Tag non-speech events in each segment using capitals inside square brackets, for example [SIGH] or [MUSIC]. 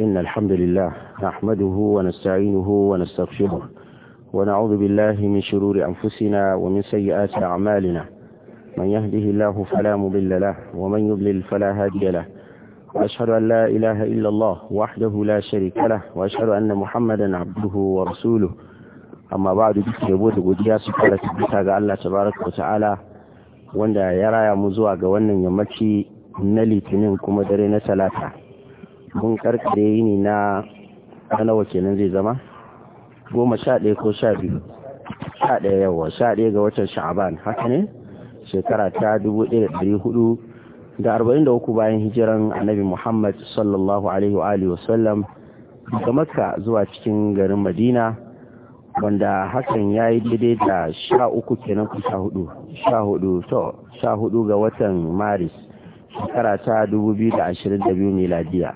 إن الحمد لله نحمده ونستعينه ونستغفره ونعوذ بالله من شرور أنفسنا ومن سيئات أعمالنا من يهده الله فلا مضل له ومن يضلل فلا هادي له وأشهد أن لا إله إلا الله وحده لا شريك له وأشهد أن محمدا عبده ورسوله amma ba da duk yabo da godiya su fara tabbata ga Allah tabaraka wa ta'ala wanda ya raya mu zuwa ga wannan yammaci na litinin kuma dare na talata mun karkare yini na nawa kenan zai zama goma sha ɗaya ko sha biyu sha ɗaya yawa sha ɗaya ga watan sha'aban haka ne shekara ta dubu ɗaya da hudu da arba'in da uku bayan hijiran annabi muhammad sallallahu alaihi wa alihi wasallam daga makka zuwa cikin garin madina wanda hakan ya yi daidai da sha uku kenan ku sha hudu sha hudu to sha hudu ga watan maris shekara ta dubu biyu da ashirin da biyu miladiya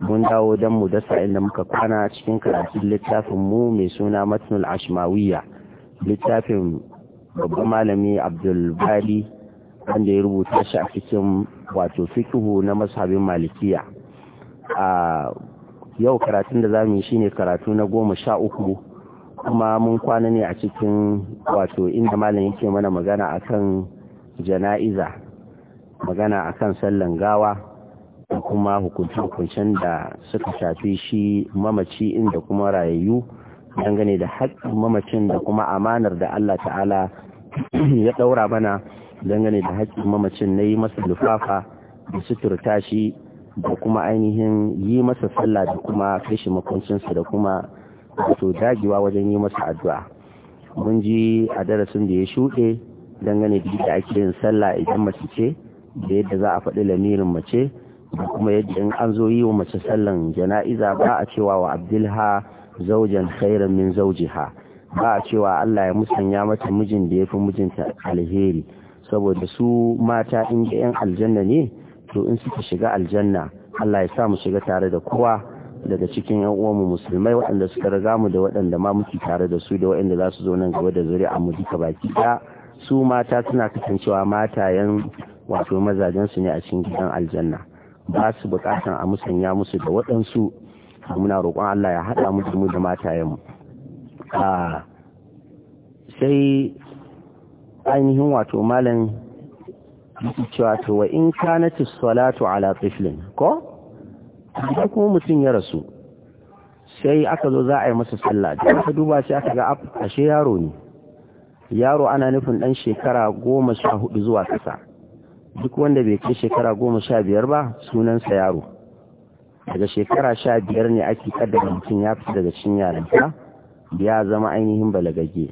mun dawo don mu dasa inda muka kwana cikin karatun littafin mu mai suna matnul ashmawiya littafin babban malami abdulbali wanda ya rubuta shi a cikin wato fikihu na mashabin malikiya a yau karatun da zamu yi shine karatu na goma sha uku kuma mun kwana ne a cikin wato inda malam yake mana magana akan jana'iza magana akan sallan gawa da kuma hukunce-hukuncen da suka shafi shi mamaci inda kuma rayayyu dangane da haƙƙin mamacin da kuma amanar da Allah ta'ala [CLEARS THROAT] ya ɗaura mana dangane da haƙƙin mamacin na yi masa lufafa da suturta shi da kuma ainihin yi masa sallah da kuma kashe makoncinsa da kuma wato dagewa wajen yi masa addu'a mun ji a darasin da ya shuɗe dangane da ake yin sallah idan mace ce da yadda za a faɗi lamirin mace da kuma yadda in an zo yi wa mace sallan jana'iza ba a cewa wa abdulha zaujan khairan min zaujiha ba a cewa Allah ya musanya mata mijin da ya fi mijinta alheri saboda su mata in ga yan aljanna ne to in suka shiga aljanna Allah ya sa mu shiga tare da kowa daga cikin yan uwanmu musulmai waɗanda suka riga mu da waɗanda ma muke tare da su da waɗanda za su zo nan gaba da zuri'a mu duka baki ɗaya su mata suna kasancewa matayen wato mazajen su ne a cikin gidan aljanna ba su bukatan a musanya musu da waɗansu muna roƙon Allah ya haɗa musu mu da matayenmu sai ainihin wato malam cewa to wa in kanat salatu ala tiflin ko da kuma mutum ya rasu sai aka zo za a yi masa sallah da aka duba shi aka ga ashe yaro ne yaro ana nufin ɗan shekara goma sha hudu zuwa kasa duk wanda bai kai shekara goma sha biyar ba sunansa yaro daga shekara sha biyar ne ake kaddara mutum ya fita daga cikin ta, ya zama ainihin balagage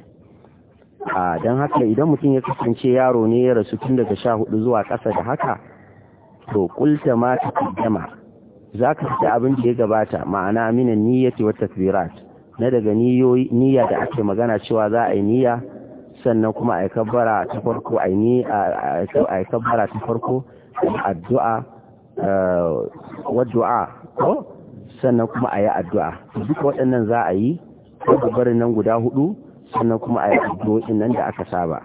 a don haka idan mutum ya kasance yaro ne ya rasu tun daga sha hudu zuwa kasa da haka to kulta ma ta kaddama za ka fita abin da ya gabata ma'ana minan niyyati wa takbirat na daga niyya da ake magana cewa za a yi niyya sannan kuma a yi kabbara ta farko a yi kabbara ta farko addu'a eh, wadda'a ko sannan kuma a yi addu'a duka waɗannan za a yi ko kabbarin nan guda hudu sannan kuma a yi addu'o'in nan da aka saba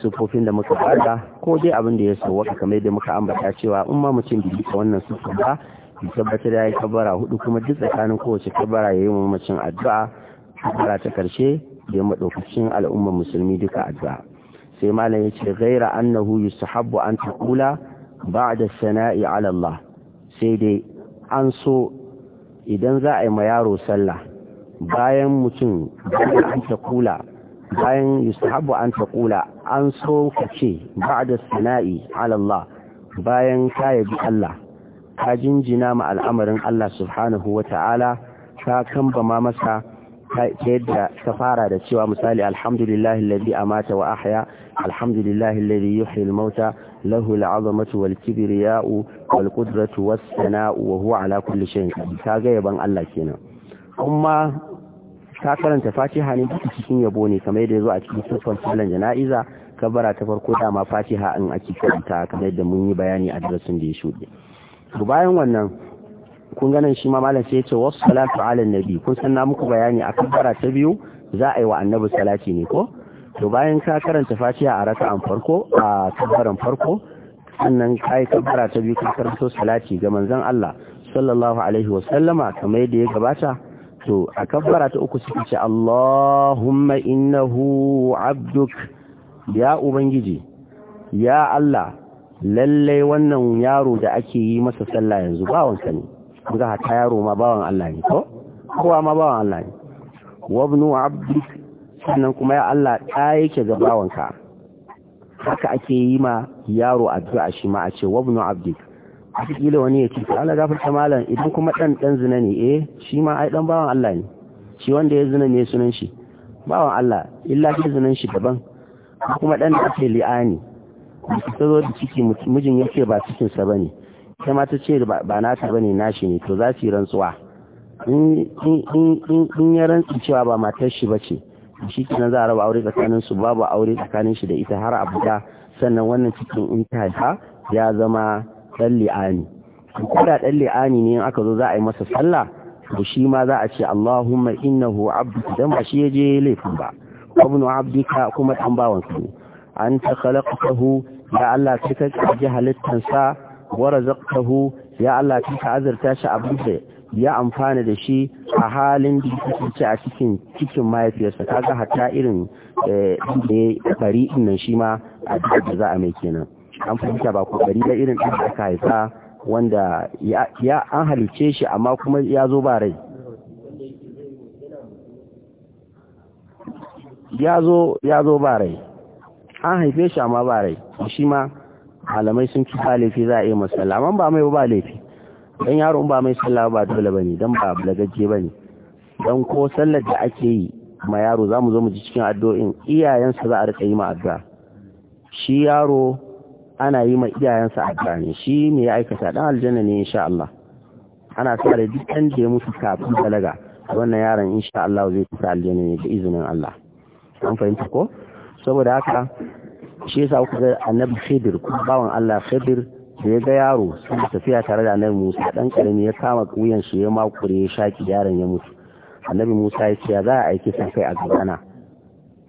sufofin da muka bada ko dai abin da ya waka kamar da muka ambata cewa in ma mutum bi ta wannan sufofin ba ya tabbatar ya yi kabbara hudu kuma duk tsakanin kowace kabbara ya yi mamacin addu'a kabbara ta karshe ya maɗaukacin al'ummar musulmi duka addu'a sai malam yace ghaira annahu yustahabbu an taqula ba'da sana'i ala Allah sai dai an so idan za a yi ma yaro sallah bayan mutum bayan an taqula bayan an taqula an so ka ce ba'da sana'i ala Allah bayan ka bi Allah ka jinjina ma al'amarin Allah subhanahu wata'ala ka kamba ma masa ta yadda ka fara da cewa misali alhamdulillahi alladhi amata wa ahya alhamdulillahi alladhi yuhyi al-mauta lahu al-'azamatu wal Ya'u wal qudratu was sana'u wa huwa ala kulli shay'in qadir yaban Allah kenan kuma ta karanta Fatiha ne cikin yabo ne kamar yadda yazo a cikin sufan sallan jana'iza kabara ta farko dama Fatiha in ake karanta kamar yadda mun yi bayani a darasin da ya shuɗe bayan wannan kun ganin shi ma malam sai ya ce wasu salatu ala nabi kun san na muku bayani a kabbara ta biyu za a yi wa annabi salati ne ko to bayan ka karanta fatiha a raka'an farko a kabbaran farko sannan kai kabbara ta biyu ka karanto salati ga manzon Allah sallallahu alaihi wa sallama kamar yadda ya gabata to a kabbara ta uku suka ce Allahumma innahu abduk ya ubangiji ya Allah lallai wannan yaro da ake yi masa sallah yanzu ba bawanka ne za ta yaro ma bawan Allah ne ko kowa ma bawan Allah ne wabnu abdik sannan kuma ya Allah ta yake ga bawanka haka ake yi ma yaro addu'a shi ma a ce wabnu abdik a kila wani ya ce Allah gafarta malam idan kuma dan dan zina ne eh shi ma ai dan bawan Allah ne shi wanda ya zina ne sunan shi bawan Allah illa shi zinan shi daban kuma dan da ake li'ani ta zo da ciki mijin yake ba cikin sa bane kai ma ta ce ba nata ne nashi ne to za su yi rantsuwa in ya rantsu cewa ba matar shi bace shi kenan za a raba aure tsakanin su babu aure tsakanin shi da ita har abuda sannan wannan cikin in ta haifa ya zama dan li'ani ko da dan li'ani ne in aka zo za a yi masa sallah to shi ma za a ce Allahumma innahu abduka dan ba shi ya je laifin ba ibnu abdika kuma dan bawanka ne an ta khalaqtahu ya Allah sai ka ji halittansa wa razaqtahu ya Allah ka azurta shi abin da ya amfana da shi a halin da yake a cikin cikin mahaifiyarsa kaga hatta irin da ya bari nan shi ma a da za a mai kenan an fahimta ba bari da irin da aka haifa wanda ya an halice shi amma kuma ya zo ba rai ya zo ba rai an haife shi amma ba rai shi ma malamai sun ci ba laifi za a yi masa amma ba mai ba laifi dan yaro ba mai sallah ba dole bane dan ba ba bane dan ko sallar da ake yi ma yaro zamu zo mu ji cikin addu'o'in iyayensa za a rika yi ma addu'a shi yaro ana yi ma iyayensa addu'a ne shi ne ya aikata dan aljanna ne insha Allah ana sa da duk da ya mutu kafin balaga wannan yaron insha Allah zai fita aljanna ne da izinin Allah an fahimta ko saboda haka shi yasa kuka ga annabi khidir ko bawan Allah khidir da ya ga yaro sun tafiya tare da annabi Musa dan karami ya kama wuyan shi ya makure ya shaki yaron ya mutu annabi Musa ya ce ya za a aiki sakai kai a gabana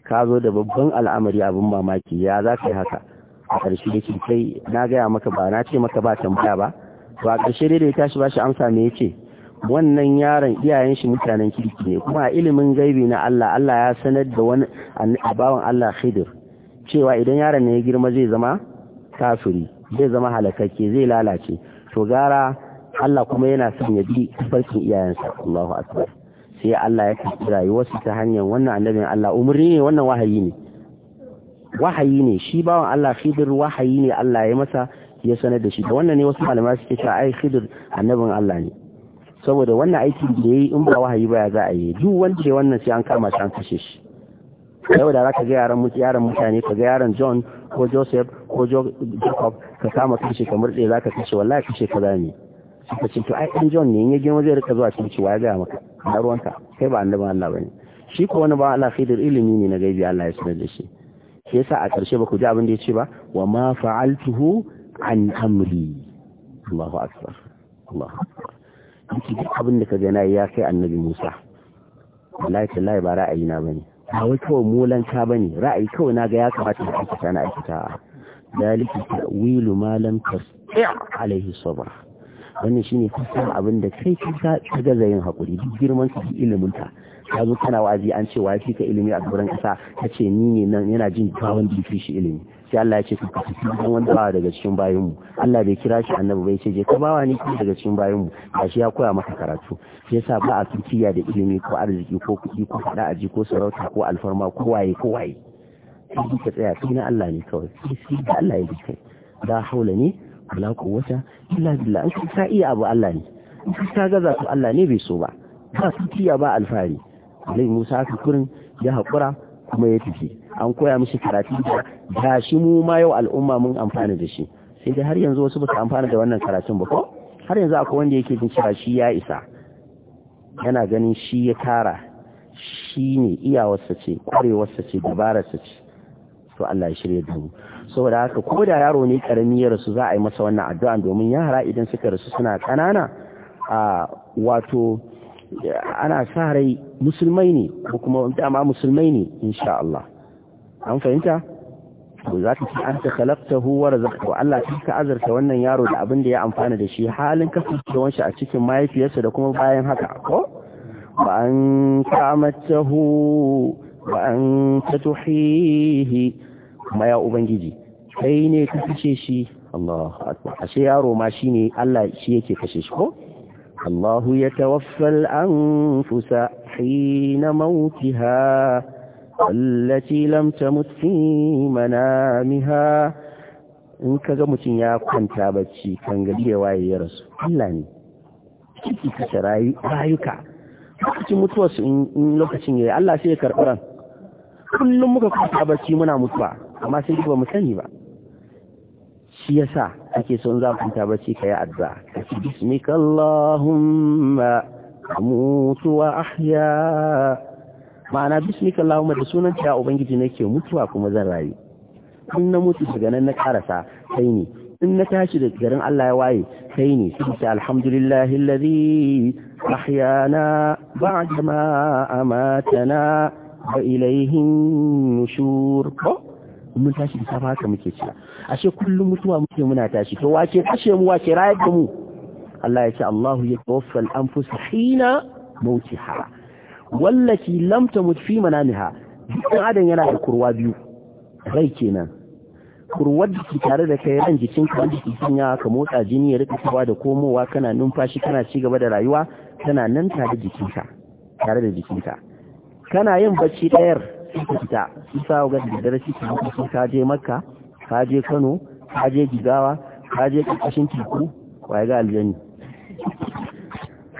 ka zo da babban al'amari abin mamaki ya za ka yi haka a ƙarshe da kai na gaya maka ba na ce maka ba tambaya ba to a ƙarshe dai da ya tashi ba amsa me ya ce wannan yaron iyayen shi mutanen kirki ne kuma a ilimin gaibi na Allah Allah ya sanar da wani bawan Allah Khidir cewa idan yaron ne ya girma zai zama kafiri zai zama halakakke zai lalace to gara Allah kuma yana son ya bi farkin iyayensa Allahu akbar sai Allah ya rayuwar su ta hanyar wannan annabin Allah umri ne wannan wahayi ne wahayi ne shi bawan Allah khidir wahayi ne Allah ya masa ya sanar da shi da wannan ne wasu malamai suke cewa ai khidir annabin Allah ne saboda wannan aikin da yayi in ba wahayi ba ya za a yi duk wanda wannan sai an kama shi an kashe shi yau da zaka ga yaran yaran mutane ka ga yaran John ko Joseph ko Jacob ka kama kashe ka murde zaka kashe wallahi kashe ka zame suka ce to ai dan John ne in ya girma zai rika zuwa cikin ciwa ya ga maka na ruwanka kai ba annabin Allah bane shi ko wani ba Allah da ilimi ne na gaibi Allah ya sanar da shi shi yasa a ƙarshe ba ku ji abin da ya ce ba wa ma fa'altuhu an amri Allahu akbar Allahu akbar duk abin da ka ga na ya kai annabi Musa wallahi tallahi ba ra'ayi na bane ba wai kawai molanka ba bane, ra'ayi kawai naga ya kamata na aikata na aikata dalika ta'wilu ma lam tasti' alaihi sabr wannan shine kusan abin da kai ka gaza yin hakuri duk girman ka ilimin ta ka zo tana wa'azi an ce wa fi ka ilimi a gaban kasa ta ce ni ne nan yana jin kawon da ya fi shi ilimi sai Allah ya ce ka fi dan wanda ba daga cikin bayin mu Allah bai kira shi annabi bai ce je ka bawa ni kuma daga cikin bayin mu gashi ya koya maka karatu sai yasa ba a tukiya da ilimi ko arziki ko kuɗi ko fada aji ko sarauta ko alfarma ko waye ko waye sai ka tsaya sai na Allah ne kawai sai da Allah ya dace kai da haula ne wala quwwata illa billah an iya abu Allah ne in ka gaza to Allah ne bai so ba ba tukiya ba alfari alai musa aka kurin ya haƙura kuma ya tafi an koya mishi karatu da ga shi mu ma yau al'umma mun amfana da shi sai dai har yanzu wasu ba su amfana da wannan karatun ba ko har yanzu akwai wanda yake jin cewa shi ya isa yana ganin shi ya tara shi ne iyawarsa ce kwarewarsa ce dabararsa ce to Allah ya shirya da mu saboda haka ko da yaro ne karami ya rasu za a yi masa wannan addu'a domin yara idan suka rasu suna kanana a wato ana sa rai musulmai ne ko kuma dama musulmai ne insha Allah an fahimta ko za ka ce an ta khalaqtahu wa razaqtahu Allah shi ka azarta wannan yaro da abin da ya amfana da shi halin kasancewar shi a cikin mahaifiyarsa da kuma bayan haka ko ba an kamatahu ba an tatuhihi kuma ya ubangiji kai ne ka fice shi Allah akbar ashe yaro ma shine Allah shi yake kashe shi ko الله يتوفى الأنفس حين موتها التي لم تمت في منامها in kaga mutum ya kwanta bacci kan gari ya waye ya rasu Allah ne kiki kace rayuka lokacin in lokacin yayi Allah sai ya karɓi ran kullum muka kwanta bacci muna mutuwa amma sai ba mu sani ba shi yasa ake son za ku ta bace kai addu'a bismikallahumma amutu wa ahya ma'ana bismikallahumma da sunan ta ubangiji nake mutuwa kuma zan rayu in na mutu daga nan na karasa kai ne in na tashi da garin Allah ya waye kai ne sai ta alhamdulillahi alladhi ahyana ba'da ma amatana wa ilayhin nushur mun tashi da safa haka muke cewa ashe kullum mutuwa muke muna tashi to wace kashe mu wace rayar da mu Allah ya ce Allahu ya tawaffal anfus hina mautiha wallati lam tamut fi manamiha dukkan adam yana da kurwa biyu rai kenan kurwar da ke tare da kai ran jikin ka wanda ke sanya ka motsa jini ya rika tawa da komowa kana numfashi kana ci gaba da rayuwa tana nan tare da jikinka tare da jikinka kana yin bacci ɗayar sai ka fita isa ga da dare shi kuma ka je makka ka je kano ka je gigawa ka je ƙarƙashin teku waye ga aljani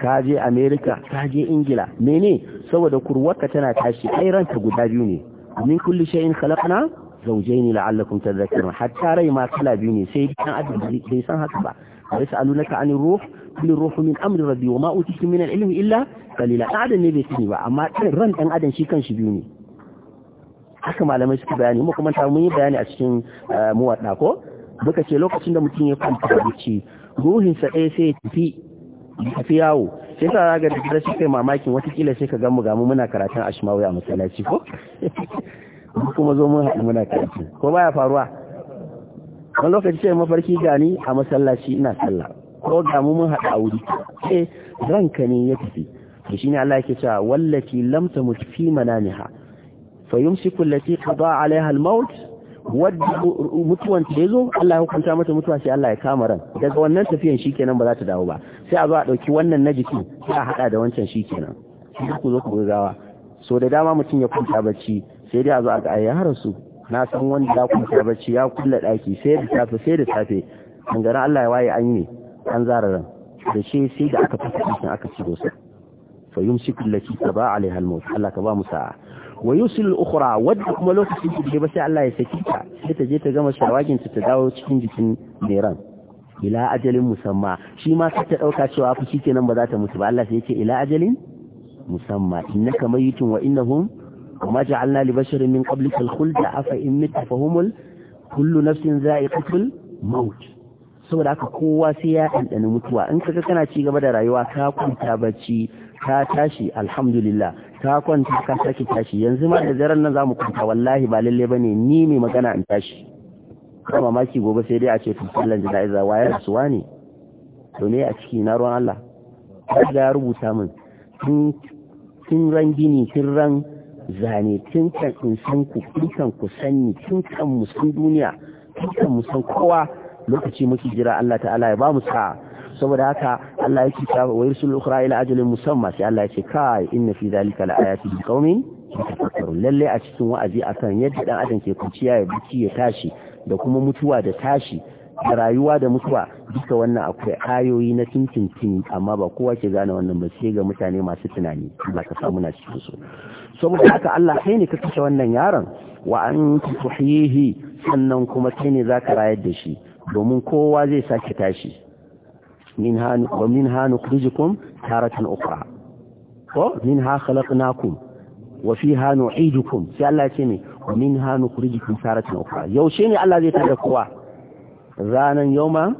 ka je amerika ka je ingila mene saboda kurwarka tana tashi ai ranka guda biyu ne min kulli shay'in khalaqna zawjayn la'allakum tadhakkarun hatta rai ma kala biyu ne sai dan adam bai san haka ba yasalunaka anir ruh kullu ruh min amri rabbi wa ma utitu min al-ilmi illa qalila adam ne bai sani ba amma ran dan adam shi kanshi biyu ne haka malamai suka bayani mu kuma mun yi bayani a cikin eh, muwadda ko muka ce lokacin da mutum ya kwanta da bacci sa ɗaya sai ya tafi tafi yawo sai sa ga da shi kai mamakin watakila sai ka ga mu ga mu muna karatun ashmawi a masallaci ko [LAUGHS] kuma zo mun haɗu muna karatu ko ba ya faruwa wani lokaci sai mafarki gani a masallaci ina sallah ko ga mu mun haɗu a wuri eh ranka ne ya tafi to shine Allah yake cewa wallati lam tamut fi manamiha fa yumsiku allati qada alaiha al mutuwan ta yazo Allah ya hukunta mata mutuwa sai Allah ya kama ran daga wannan tafiyar shikenan ba za ta dawo ba sai a zo a dauki wannan na jiki sai a hada da wancan shikenan ku zo ku gawa so da dama mutum ya kunta bacci sai dai a zo a ga ayi harasu na san wanda ya ya kulla daki sai da sai da safe Allah ya waye an yi an zara ran da shi sai da aka fasa aka ci dosa fa yumsiku allati taba alaiha al Allah ka ba sa'a wa yusil ukhra wadda kuma lokacin da ba sai Allah ya saki ta sai ta je ta gama shawagin ta ta dawo cikin jikin meran ila ajalin musamma shi ma sai ta dauka cewa fa shikenan ba za ta mutu ba Allah sai ya ce ila ajalin musamma innaka mayitun wa innahum وما جعلنا لبشر من قبلك الخلد أفإن مت فهم كل نفس ذائقة الموت saboda haka kowa sai ya ɗanɗana mutuwa in kaga kana ci gaba da rayuwa ka kwanta bacci Ta tashi alhamdulillah ta kwanta ka sake tashi yanzu ma da zaran nan zamu kwanta wallahi ba lalle bane ni mai magana in tashi kuma mamaki gobe sai dai a ce tusallan jana'iza waye rasuwa ne to ne a ciki na ruwan Allah da ya rubuta min tun tun ran gini tun ran zane tun kan in san ku tun kan ku sanni tun kan mu duniya tun kan mu kowa lokaci muke jira Allah ta'ala ya ba mu sa'a saboda haka Allah yake ta wa yursul ukhra ila ajalin musamma sai Allah yake kai inna fi zalika la ayatin liqaumin yatafakkarun lalle a cikin wa'azi akan yadda dan adam ke kuciya ya buci ya tashi da kuma mutuwa da tashi da rayuwa da mutuwa duka wannan akwai ayoyi na tintintin amma ba kowa ke gane wannan ba sai ga mutane masu tunani Allah ka samu na cikin su saboda haka Allah sai ne ka kashe wannan yaron wa an tuhyihi sannan kuma sai ne zaka rayar da shi domin kowa zai sake tashi منها ومنها نخرجكم تارة أخرى ومنها خلقناكم وفيها نعيدكم سي الله يتمي ومنها نخرجكم تارة أخرى يوشيني الله ذي تدكوا ذانا يوما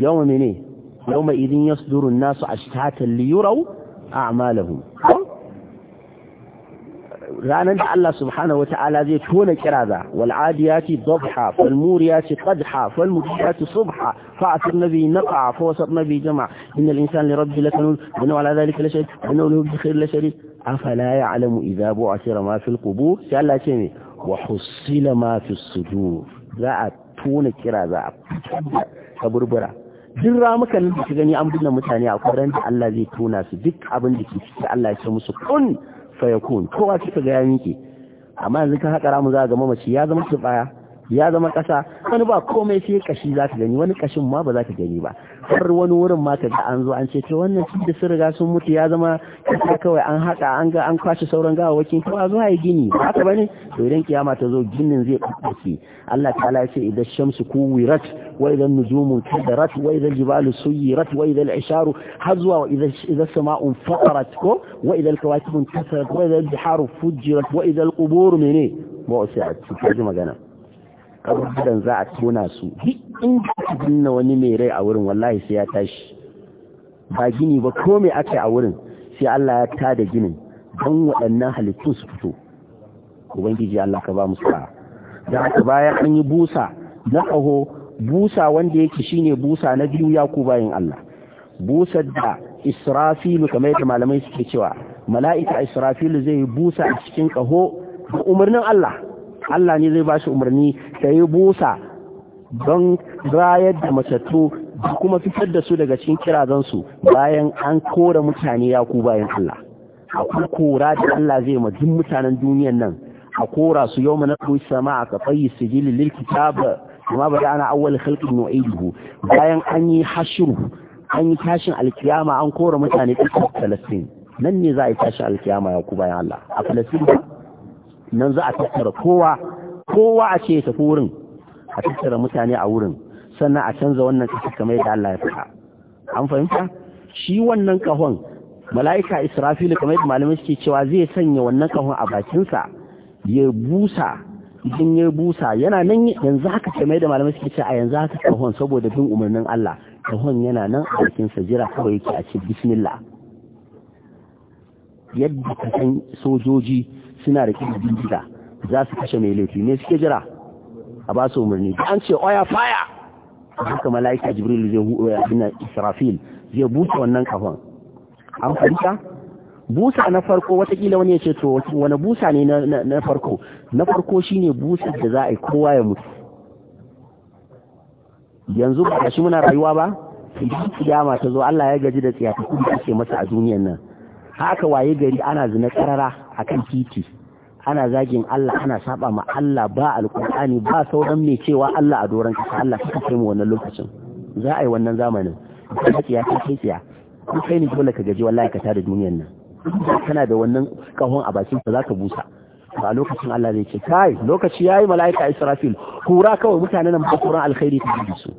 يوم مني يومئذ يصدر الناس أشتاتا ليروا أعمالهم ranar da Allah subhanahu wata'ala zai tona kiraza wal adiyati dhabha fal muriyati qadha fal mudiyati subha fa'at nabi naqa fa wasat nabi jama innal insana li rabbi lakanun wa ala dhalika lashad wa lahu bi khair lashari afala ya'lamu idha bu'athira ma fil qubur sai Allah ce ne wa husila ma fis sudur za a tona kiraza a burbura duk ramukan da ka gani an binne mutane a kwaran da Allah zai tona su duk abin da ke Allah ya ce musu kun fayakun kowa kika ga ya miki amma yanzu ka haƙa ramu za a gama mace ya zama turbaya ya zama ƙasa wani ba komai sai kashi za ta gani wani kashin ma ba za ta gani ba har wani wurin ma ka ga an zo an ce ta wannan cikin da sun riga sun mutu ya zama kasa kawai an haka an ga an kwashe sauran gawawakin ta a zo yi gini ba haka bane to idan kiyama ta zo ginin zai kuɓuce Allah ta'ala ya ce idan shamsu Wirat, wa idan nujumu kadarat wa idan jibalu suyirat wa idan isharu har zuwa wa idan sama'un faqarat ko wa idan kawakibu intasarat wa idan biharu fujirat wa idan qubur mene ba wasi'at ta ji magana kaburburan za a tona su in ka binne wani mai rai a wurin wallahi sai ya tashi ba gini ba ko me aka a wurin sai Allah ya tada ginin don waɗannan halittun su fito ubangiji Allah ka ba mu sa'a da haka baya an yi busa na ƙaho busa wanda yake shine busa na biyu ya ku bayan Allah busar da israfilu kamar yadda malamai suke cewa mala'ika israfilu zai busa a cikin kaho da umarnin Allah Allah ne zai bashi umarni ta yi busa don rayar da matattu da kuma fitar da su daga cikin kirazansu bayan an kora mutane ya ku bayan Allah akwai kora da Allah zai ma duk mutanen duniyan nan a kora su yau mana kuwa sama a kafayi sijili lilkitab kuma bada ana awwal khalqin nu'iduhu bayan an yi hashiru an yi tashin alkiyama an kora mutane ƙasar Palestine nan ne za a yi tashin alkiyama ya ku bayan Allah a nan za a tattara kowa kowa a ce ta tafi wurin a tattara mutane a wurin sannan a canza wannan ƙasa kamar yadda Allah ya faɗa an fahimta shi wannan kahon mala'ika israfilu kamar yadda malamai suke cewa zai sanya wannan kahon a bakinsa ya busa idan ya busa yana nan yanzu haka kamar yadda malamai suke cewa a yanzu haka kahon saboda bin umarnin Allah kahon yana nan a bakinsa jira kawai yake a ce bismillah yadda ka san sojoji suna da kuma bindiga za su kashe mai laifi ne suke jira a ba su umarni an ce oya faya haka mala'ika jibril zai hu eh, bin israfil zai busa wannan kafan an farka busa na farko watakila wani ya ce to wani busa ne na farko na farko shine busa da za a yi kowa ya mutu yanzu ba shi muna rayuwa ba idan kiyama ta zo Allah ya gaji da tsiya kuma ake masa a duniyar nan haka waye gari ana zina karara akan titi ana zagin Allah ana saba ma Allah ba alkur'ani ba sauran mai cewa Allah a doron kasa Allah suka kai mu wannan lokacin za a yi wannan zamanin kuma tsiya ta kai kai ne dole ka gaji wallahi ka tada duniyar nan kana da wannan kahon a bakin ka zaka busa a lokacin Allah zai ce kai lokaci yayi mala'ika Israfil Kura kawai mutanen nan ba alkhairi ta su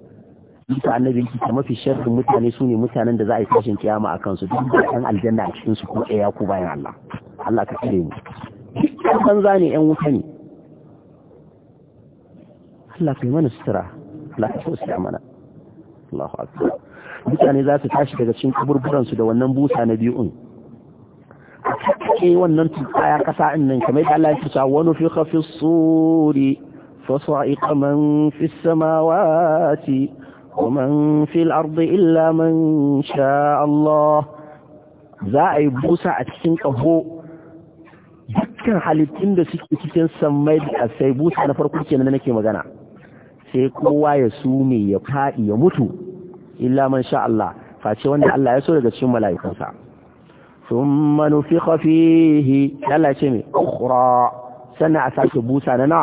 mafi sharrin mutane su ne mutanen da za a yi tashin kiyama a kansu duk da ɗan aljanna a ko ɗaya ko bayan Allah Allah ka kare mu banza ne ƴan wuta ne Allah ka yi mana sutura Allah ka mana Allahu akbar mutane za su tashi daga cikin kaburburan su da wannan busa na biyu a kakkake wannan tutsaya kasa in nan kamar da Allah ya tusa wani fi khafis suri فصعق من في samawati. ومن في الأرض إلا من شاء الله za a yi busa a cikin ƙaho dukkan halittun da suke cikin samai da sai busa na farko kenan da nake magana sai kowa ya sume ya faɗi ya mutu illa man sha Allah face wanda Allah ya so daga cikin mala'ikansa thumma nufikha fihi Allah ce me ukhra sannan a sake busa na na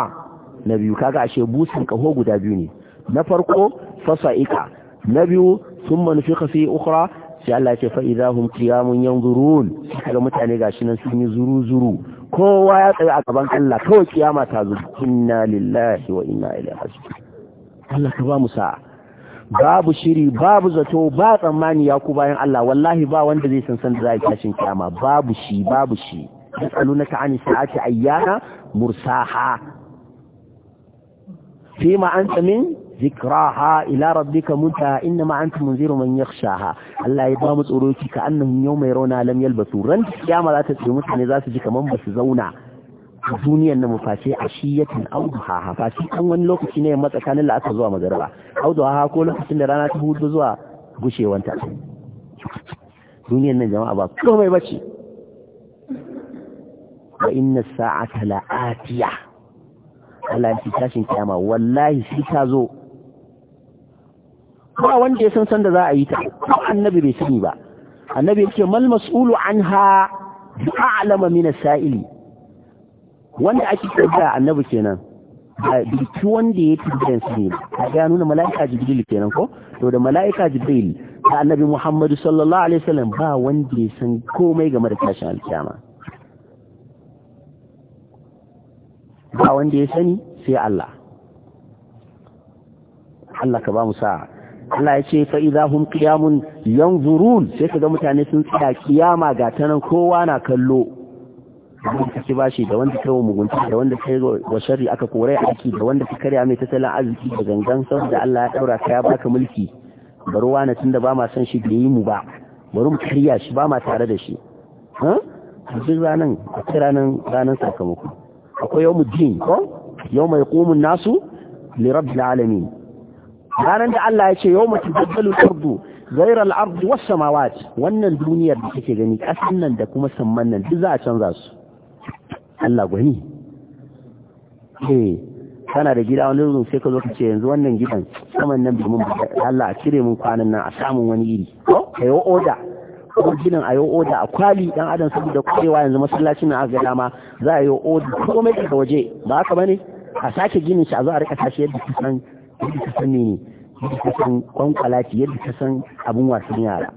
na biyu kaga ashe busan ƙaho guda biyu ne na farko fasa'ika na biyu sun manufi yi ukra sai Allah ce fa idza hum qiyamun yanzurun kaga mutane shi nan sun yi zuru zuru kowa ya tsaya a gaban Allah kawai kiyama ta zuru inna lillahi wa inna ilaihi Allah ka ba mu sa'a babu shiri babu zato ba tsammani ya ku bayan Allah wallahi ba wanda zai san san da zai tashin kiyama babu shi babu shi yasalunaka an sa'ati ayyana mursaha fima anta min ذكراها إلى ربك منتهى إنما أنت منذر من يخشاها الله يبام تسوروكي كأنهم يوم يرونها لم يلبثوا رن قيامة لا تسلمون أن إذا سجك من بس زونا الدنيا أنه فاشي عشية أو ضحاها فاشي أن وان لوك سنة يمت كان لا أتزوى مغربا أو ضحاها كل حسن رانا تهود بزوى قشي وانت دنيا أنه جماعة باب كلهم يبتشي وإن الساعة لآتية Allah ya ce tashin kiyama wallahi shi ta zo ba wanda ya san san da za a yi ta ko annabi bai sani ba annabi yake mal mas'ulu anha a'lama min as-sa'ili wanda ake tsaya annabi kenan duki wanda ya tambayan su ne a ga nuna mala'ika jibril kenan ko to da mala'ika jibril da annabi muhammadu sallallahu alaihi wasallam ba wanda ya san komai game da tashin alkiyama ba wanda ya sani sai Allah Allah ka ba mu sa'a Allah ya ce fa idahum qiyamun yanzurun sai kaga mutane sun tsaya kiyama ga tanan kowa na kallo abin da bashi da wanda kai mugunta da wanda kai wa sharri aka kore aiki da wanda kai karya mai tattalin arziki da gangan da Allah ya daura ka ya baka mulki bari wani tunda ba ma son shi da yi mu ba bari mu karya shi ba ma tare da shi ha duk ranan akwai ranan ranan sakamako akwai yawmul din ko yawma yaqumun nasu li rabbil alamin ranar da Allah ya ce yau mutum tabbalin ardu zairar al'ardu wasu samawat wannan duniyar da kake gani ƙasar nan da kuma samman nan duk za a canza su Allah gwani eh kana da gida wani rurun sai ka zo ka ce yanzu wannan gidan saman nan domin Allah a cire mun kwanan nan a samun wani iri ka yi oda ko gidan a yi oda a kwali dan adam saboda kwarewa yanzu masallacin nan aka ga dama za a yi oda komai daga waje ba haka bane a sake ginin shi a zo a rika tashi yadda kusan yadda ka san mene yadda ka san ce, yadda ka san abin wasan yara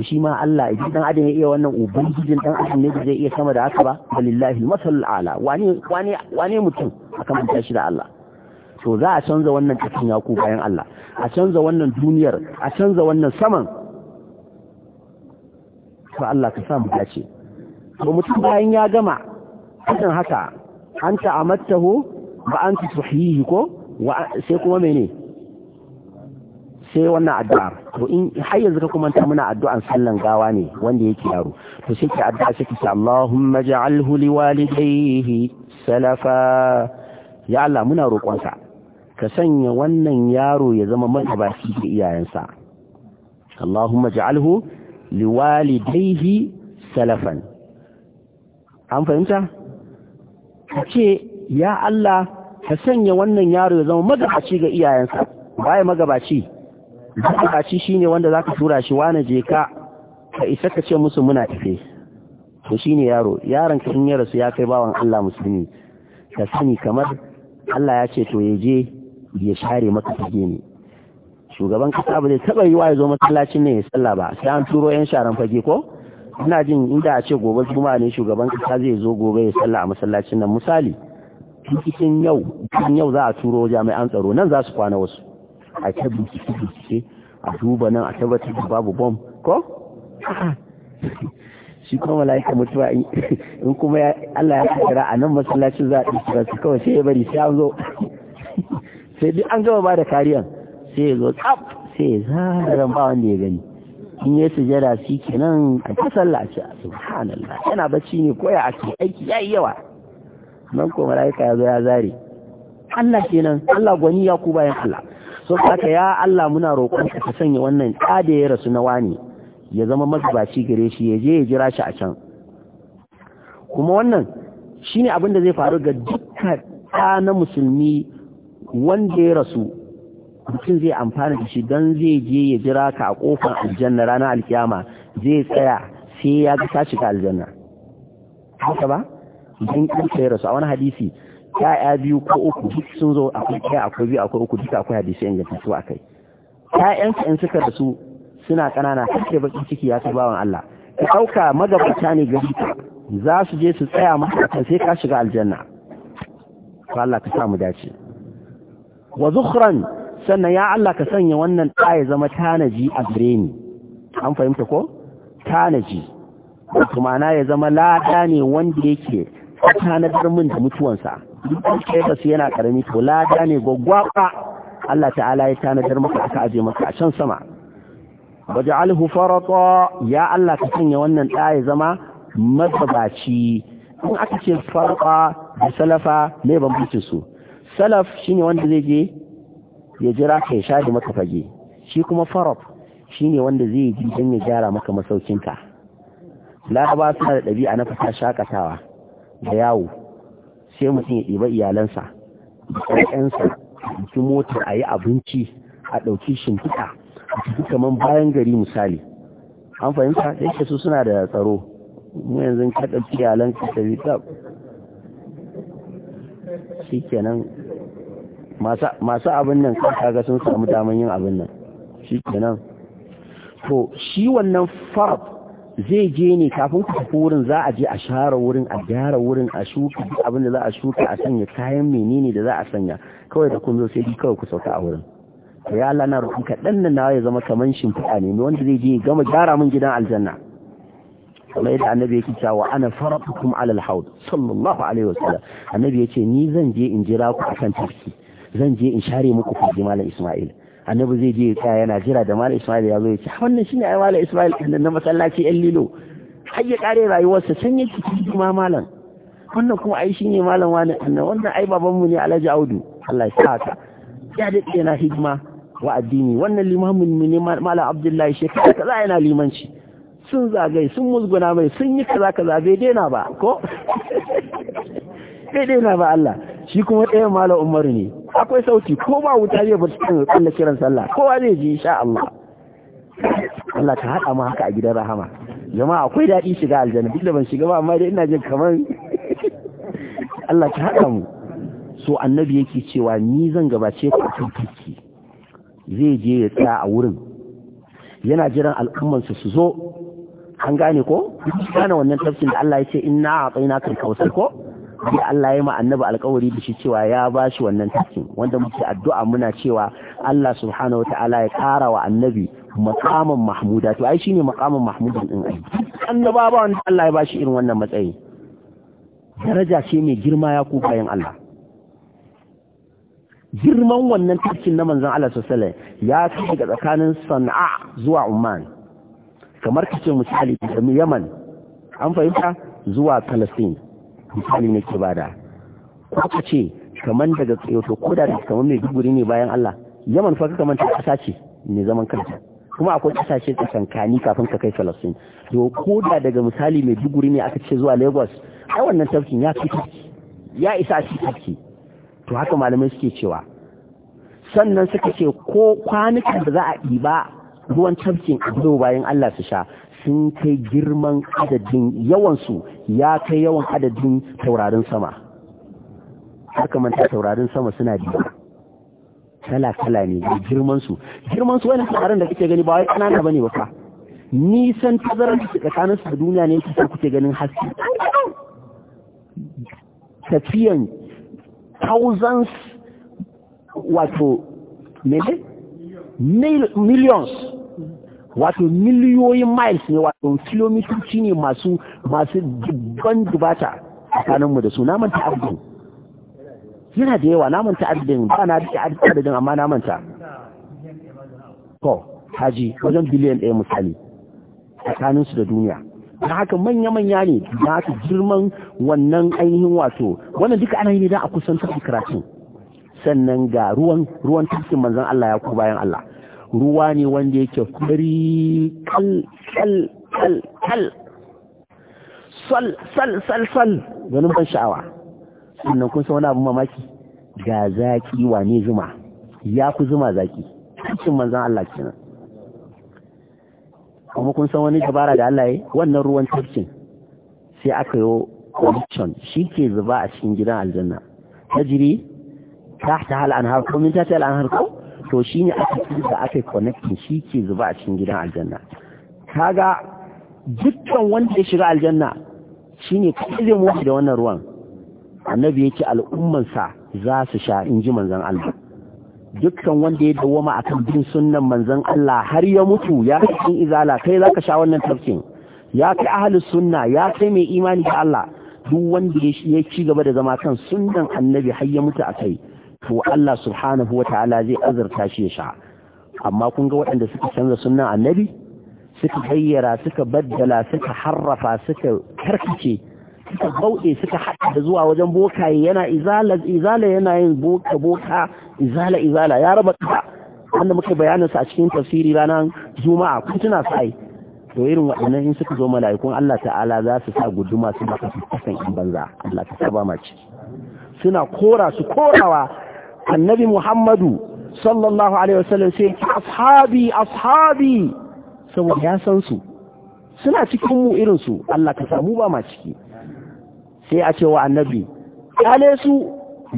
shi ma Allah idan dan adam ya iya wannan ubangijin dan adam ne zai iya sama da haka ba walillahi masalul ala wane wani wani mutum akan manta shi da Allah to za a canza wannan cikin yaku bayan Allah a canza wannan duniyar a canza wannan saman to Allah ka sa mu dace to mutum bayan ya gama hakan haka anta amattahu ba anta tuhyihi ko sai kuma mene sai wannan addu'ar to in har yanzu ka kuma ta muna addu'an sallan gawa ne wanda yake yaro to sai ki addu'a sai ki ce Allahumma ja'alhu liwalidayhi salafa ya Allah muna roƙonka, ka sanya wannan yaro ya zama matabaci ga iyayensa Allahumma ja'alhu liwalidayhi salafan an fahimta ce ya Allah ka sanya wannan yaro ya zama magabaci ga iyayensa ba ya magabaci magabaci ne wanda za ka tura shi wane je ka ka isa ka ce musu muna tafe to ne yaro yaron ka in ya rasu ya kai bawan Allah musulmi ka sani kamar Allah ya ce to ya je ya share maka fage ne shugaban kasa ba zai taba yi wa ya zo masallacin ne ya salla ba sai an turo yan sharan fage ko ina jin inda a ce gobe zuma ne shugaban kasa zai zo gobe ya salla a masallacin nan misali cikin yau cikin yau za a turo jami'an tsaro nan za su kwana wasu a ta bincike bincike a duba nan a tabbatar da babu bom ko shi kuma mala'ika mutuwa in kuma Allah ya kira a nan masallacin za a ɗauki su kawai sai ya bari sai an zo sai duk an gama ba da kariyan sai ya zo tsaf sai ya zaran ba wanda ya gani in ya sujada shi kenan a ta sallah ce subhanallah yana bacci ne ko ya ake aiki yayi yawa nan ko mala'ika ya zo ya zare Allah kenan Allah gwani ya ku bayan Allah so haka ya Allah muna roƙon ka sanya wannan tsade ya rasu na wani ya zama mazubaci gare shi ya je ya jira shi a can kuma wannan shine abin da zai faru ga dukkan ta na musulmi wanda ya rasu mutum zai amfana da shi don zai je ya jira ka a kofar aljanna ranar alkiyama zai tsaya sai ya ga ta shiga aljanna haka ba idan ɗansa rasu a wani hadisi ya'ya biyu ko uku duk sun zo akwai ɗaya akwai biyu akwai uku duka akwai hadisi yan jantattu a kai ƴaƴansu in suka rasu suna ƙanana kake bakin ciki ya kai bawan Allah ka ɗauka magabata ne gari za su je su tsaya maka sai ka shiga aljanna to Allah ka sa mu dace wa zukhran sannan ya Allah ka sanya wannan ɗaya zama tanaji a gare ni an fahimta ko tanaji kuma na ya zama lada ne wanda yake a tanadar min da mutuwansa duk da su yana karami to lada ne gwaggwaba Allah ta'ala ya tanadar maka aka aje maka a can sama waj'alhu farata ya Allah ka sanya wannan ɗaya zama mabbaci in aka ce farqa da salafa ne bambancin su salaf shine wanda zai je ya jira kai shadi maka fage shi kuma farab shine wanda zai ji dan ya gyara maka masaukinka laraba suna da ɗabi'a na fata shakatawa da yawo sai mutum ya ɗiba iyalansa da ƴaƴansa ɗauki motar a yi abinci a ɗauki shimfiɗa a tafi kamar bayan gari misali an fahimta da yake su suna da tsaro mu yanzu ka ɗauki iyalanka ta bi ta shi kenan masu abin nan kaga sun samu daman yin abin nan shi kenan to shi wannan fab zai je ne kafin ku tafi wurin za a je a share wurin a gyara wurin a shuka duk abin da za a shuka a sanya kayan menene da za a sanya kawai da kun zo sai duk kawai ku sauka a wurin to ya Allah na roƙi ka dan nan ya zama kaman shimfiɗa ne wanda zai je gama gyara min gidan aljanna kamar yadda annabi yake cewa ana faratukum alal haud sallallahu alaihi wasallam annabi yace ni zan je in jira ku akan tafki zan je in share muku kuji malam Isma'il annabi zai je ya tsaya yana jira da mala ismail ya zo ya ce wannan shine ai mala ismail na masallaci yan lilo har ya kare rayuwarsa san yake cikin ma malam wannan kuma ai shine malam wani annabi wannan ai babanmu ne alhaji audu Allah ya saka ya dade yana hikma wa addini wannan limamin mu ne malam abdullahi shekara kaza yana limanci sun zagaye sun musguna mai sun yi kaza kaza bai daina ba ko [LAUGHS] bai daina ba Allah shi kuma ɗayan malam umaru ne akwai sauti ko ba wuta zai fi kalla kiran sallah kowa zai ji insha Allah Allah ka haɗa mu haka a gidan rahama jama'a akwai daɗi shiga aljanna duk da ban shiga ba amma dai ina jin kamar [LAUGHS] Allah ka haɗa mu so annabi yake cewa ni zan gabace ku kiki zai je ya tsaya a wurin yana jiran al'umman su zo an gane ko kana wannan tafsirin da Allah ya ce inna a'tainaka al-kautsar ko sai Allah ya ma annabi alƙawari da shi cewa ya ba shi wannan takin. wanda muke addu'a muna cewa Allah subhanahu ta'ala ya ƙara wa annabi maqaman mahmuda to ai shine maqaman mahmudan din ai annaba ba wanda Allah ya ba shi irin wannan matsayi daraja ce mai girma ya ku bayan Allah girman wannan takin na manzon Allah sallallahu ya kai ga tsakanin Sana'a zuwa Oman kamar kace misali da Yaman an fahimta zuwa Palestine misali ne ke bada ko ka ce kaman daga tsayoto ko da kamar mai duguri ne bayan Allah yaman fa kamar ta kasa ce mai zaman kanta kuma akwai kasashe tsakankani kafin ka kai Falastin to ko da daga misali mai duguri ne aka ce zuwa Lagos ai wannan tafkin ya fi ya isa shi tafki to haka malamai suke cewa sannan suka ce ko kwanukan da za a ɗiba ruwan tafkin a bayan Allah su sha sun kai girman adadin yawansu ya kai yawan adadin taurarin sama har kamanta taurarin sama suna biyu kala-kala ne da girmansu girmansu wani taurarin da kake gani ba wai kanana ne ba fa nisan tazarar da tsakanin su da duniya ne kusa kuke ganin haske tafiyan thousands wato mene millions wato miliyoyin miles ne wato kilomitoci ne masu masu dubban dubata tsakaninmu da su namanta abdin yana da yawa namanta abdin ba na da adadin amma namanta ko haji wajen biliyan ɗaya misali tsakaninsu da duniya da haka manya-manya ne da haka girman wannan ainihin wato wannan duka ana yi ne don a kusan tafi karatun sannan ga ruwan tafi manzan Allah ya ku bayan Allah ruwa ne wanda yake fari kal kal kal kal sal sal sal sal wani ban sha'awa sannan kun san wani abin mamaki ga zaki wane zuma ya ku zuma zaki cikin manzan Allah kenan kuma kun san wani dabara da Allah ya wannan ruwan tafkin sai aka yi kwamishon shi ke zuba a cikin gidan aljanna ta jiri ta ta hal an harko min ta ta hal an harko to shi ne aka ci da aka yi connecting shi ke zuba a cikin gidan aljanna kaga dukkan wanda ya shiga aljanna shi ne kai zai mutu da wannan ruwan annabi ya ce al'ummansa za su sha in ji manzan Allah dukkan wanda ya a akan bin sunnan manzan Allah har ya mutu ya cikin izala kai zaka sha wannan tafkin ya kai ahlus sunna ya kai mai imani da Allah duk wanda ya ci gaba da zama kan sunnan annabi har ya mutu akai to Allah subhanahu wa ta'ala zai azurta shi ya sha amma kun ga waɗanda suka canza sunan annabi suka hayyara suka baddala suka harrafa suka karkace suka bauɗe suka haɗa da zuwa wajen boka yana izala izala yana yin boka boka izala izala ya raba ka wanda muka bayanin sa a cikin tafsiri ranar juma'a kun tuna sai to irin waɗannan in suka zo mala'ikun Allah ta'ala za su sa guduma su ba su kasan banza Allah ta saba mace suna kora su korawa annabi muhammadu sallallahu alaihi wasallam sai ashabi ashabi saboda ya san su suna cikin mu irinsu Allah ka samu ba ma ciki sai a ce wa annabi kale su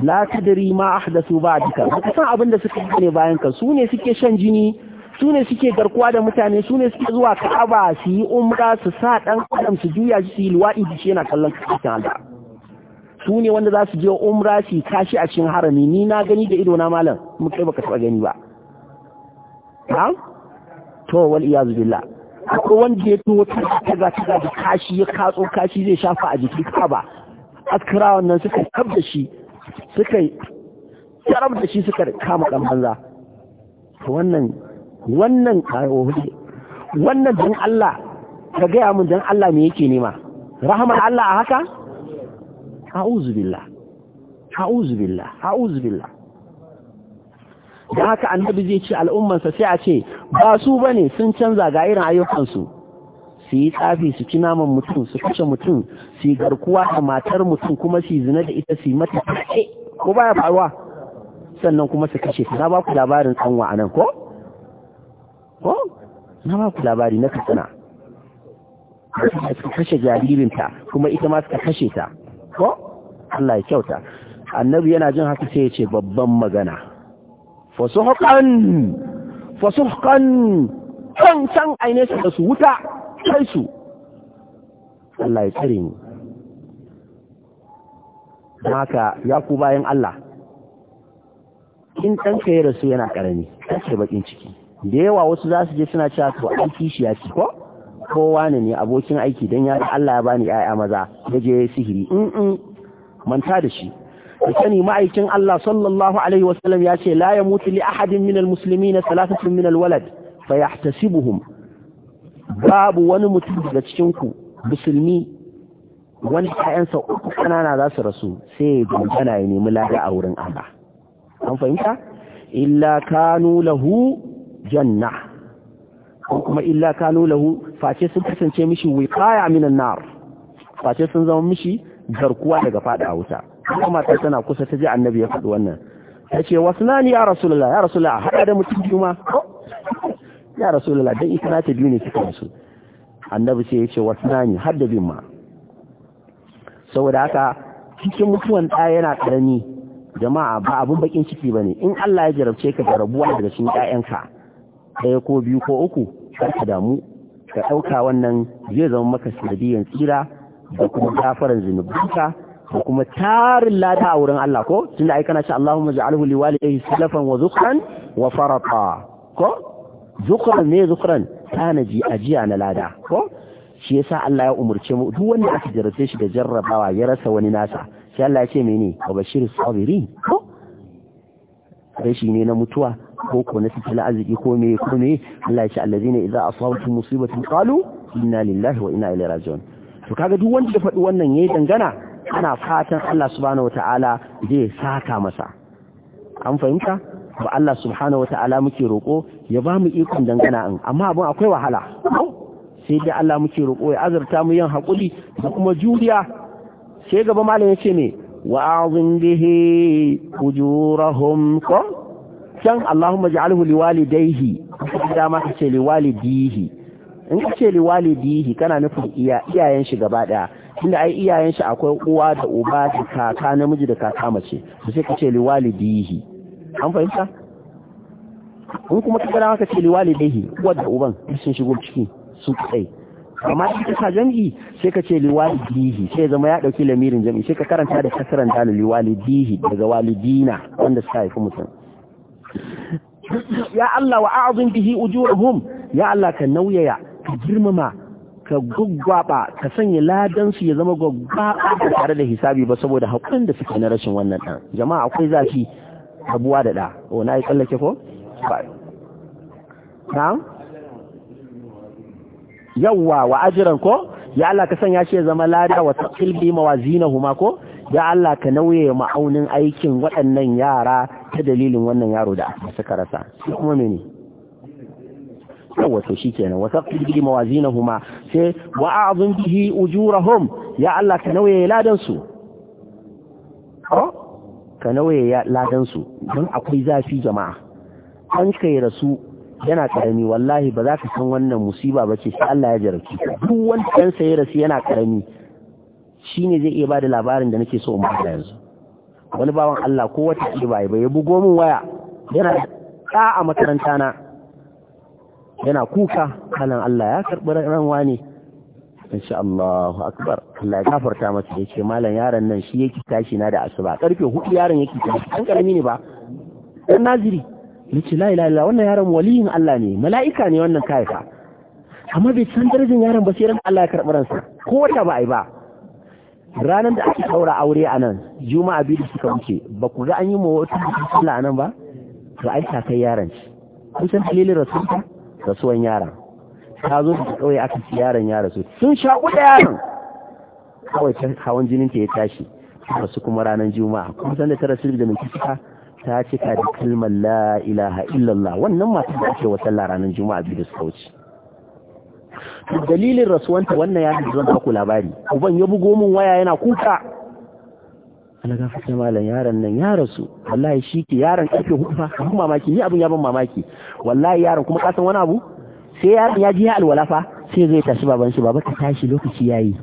la tadri ma ahdathu ba'dika ka san abin da suka yi ne bayan ka su ne suke shan jini su ne suke garkuwa da mutane su ne suke zuwa ka'aba su yi umra su sa dan adam su juya su yi luwaɗi shi yana kallon kasan Allah su ne wanda za su je umra su kashi a cikin harami ni na gani da ido na malam mu kai baka taba gani ba ha to wal iyaz billah akwai wanda ya tuwo ta ga ta ga kashi ya katso kashi zai shafa a jiki kaba askara wannan suka kabda shi suka tarab da shi suka kama dan banza to wannan wannan kayo wannan dan Allah ka gaya mun dan Allah me yake nema rahmar Allah a haka a'udzu billah a'udzu billah a'udzu billah da haka annabi zai ce al'ummarsa sai a ce ba su bane sun canza ga irin ayyukansu su yi tsafi su ci naman mutum su kashe mutum su yi garkuwa da matar mutum kuma su zina da ita su yi mata kaɗe ko baya faruwa sannan kuma su kashe na ba ku labarin tsanwa wa anan ko? ko? na ba ku labari na katsina suka kashe jaririnta kuma ita ma suka kashe ta ko Allah ya kyauta annabi yana jin haka sai ya ce babban magana fasuhqan fasuhqan kan san aine su da su wuta kai su Allah ya tsare ni haka ya ku bayan Allah in ɗanka ya rasu yana ƙarami ƙasar baƙin ciki da yawa wasu za su je suna cewa to an kishi ya ci ko kowa ne ne abokin aiki don ya Allah ya bani ya'ya maza ya je sihiri in manta da shi sani ma'aikin Allah sallallahu alaihi wasallam ya ce la yamutu li ahadin min almuslimin thalathatun min alwalad fayahtasibuhum babu wani mutum daga cikin ku musulmi wani ƴaƴansa uku kanana za su rasu sai ya dogana ya nemi lada a wurin Allah an fahimta illa kanu lahu janna ko kuma illa kanu lahu face sun kasance mishi wiqaya minan nar face sun zama mishi garkuwa daga fada wuta kuma ta tana kusa ta ji annabi ya faɗi wannan tace wasnani ya rasulullah ya rasulullah hada da mutum juma ya rasulullah dan ita ta biyu ne kika annabi sai ya ce wasnani hadda bin ma saboda haka cikin mutuwan ɗaya yana ƙarami jama'a ba abun bakin ciki bane in Allah ya jarabce ka da rabuwa daga cikin ƴaƴanka ɗaya ko biyu ko uku kar ka damu ka ɗauka wannan zai zama maka sanadiyan tsira da kuma gafaran zunubanka da kuma tarin lada a wurin Allah ko tunda ai kana ce Allahumma ja'alhu li walidayhi salafan wa zukran wa farata ko zukran ne zukran ji ajiya na lada ko shi yasa Allah ya umurce mu duk wanda aka jarrace shi da jarrabawa ya rasa wani nasa sai Allah ya ce mene wa bashir sabiri ko shi ne na mutuwa ko ko na tattala arziki ko me ko me Allah ya ce allazina idza asabatu musibatu qalu inna lillahi wa inna ilaihi raji'un to kaga duk wanda ya faɗi wannan yayi dangana ana fatan Allah subhanahu wataala zai saka masa an fahimta ba Allah subhanahu wataala muke roko ya ba mu ikon dangana in amma abin akwai wahala sai dai Allah muke roko ya azurta mu yin hakuri da kuma juriya sai gaba malam yace ne wa'azin bihi ujurahum ko can Allahumma ja'alhu liwalidayhi dama ka ce liwalidihi in ka ce liwalidihi kana nufin iya iyayen shi gaba daya tunda ai iyayen shi akwai uwa da uba da kaka namiji da kaka mace to sai ka ce liwalidihi an fahimta in kuma ka dama ka ce liwalidihi uwa da uban sun shigo ciki su kai amma shi ka jami'i sai ka ce liwalidihi sai zama ya dauki lamirin jam'i sai ka karanta da kasaran dalil liwalidihi daga walidina wanda suka haifi mutum [COUGHS] ya Allah wa a'azim bihi ujurahum ya Allah ka nauyaya ka girmama ka gwaggwaba ka sanya ladan su ya zama gwaggwaba tare da hisabi ba saboda hakurin da suke na rashin wannan dan jama'a akwai zafi abuwa da da o oh, na yi tsallake ko na'am yawwa wa ajiran ko ya Allah ka sanya shi ya zama lada wa taqil bi mawazinahuma ko ya Allah ka nauye ma'aunin aikin waɗannan yara ta dalilin wannan yaro da suka rasa kuma mene yawa to shikenan wa taqdi bi mawazinahuma sai wa a'zim bihi ujurahum ya Allah ka nauye ladan su ka nauye ladan su don akwai zafi jama'a an kai rasu yana karami wallahi ba za ka san wannan musiba ba ce sai Allah ya jarabci duk wanda ɗansa ya rasu yana karami shine zai iya ba da labarin da nake so in bada yanzu wani bawan Allah ko wata ba bai bugo min waya yana da a makaranta na yana kuka halan Allah ya karɓi ran wani insha Allahu akbar Allah ya gafarta masa yace malam yaron nan shi yake tashi na da asuba karfe 4 yaron yake tashi ɗan karami ne ba dan naziri nace la ilaha illallah wannan yaron waliyin Allah ne mala'ika ne wannan kai fa amma bai san darajin yaron ba sai ran Allah ya karɓi ransa ko wata ba ai ba ranar da ake saura aure a nan juma'a biyu da suka wuce ba ku ga an yi mawa wata sallah a nan ba to ai ta kai yaron ci kun san dalilin rasulta rasuwan yaron ta zo da kauye aka ci yaron ya rasu sun sha kuɗa yaron kawai can hawan jinin ta ya tashi rasu kuma ranar juma'a kun san da ta rasu da mai cika ta cika da kalmar la ilaha illallah wannan matan da ake wa sallah ranar juma'a biyu da suka wuce dalilin rasuwanta wannan ya ji zuwan ku labari uban ya bugo min waya yana kuka Allah gafi fata malam yaron nan ya rasu wallahi shi ke yaron ake hufa abun mamaki ni abin ya ban mamaki wallahi yaron kuma kasan wani abu sai yaron ya ji ya sai zai tashi baban shi baba ka tashi lokaci yayi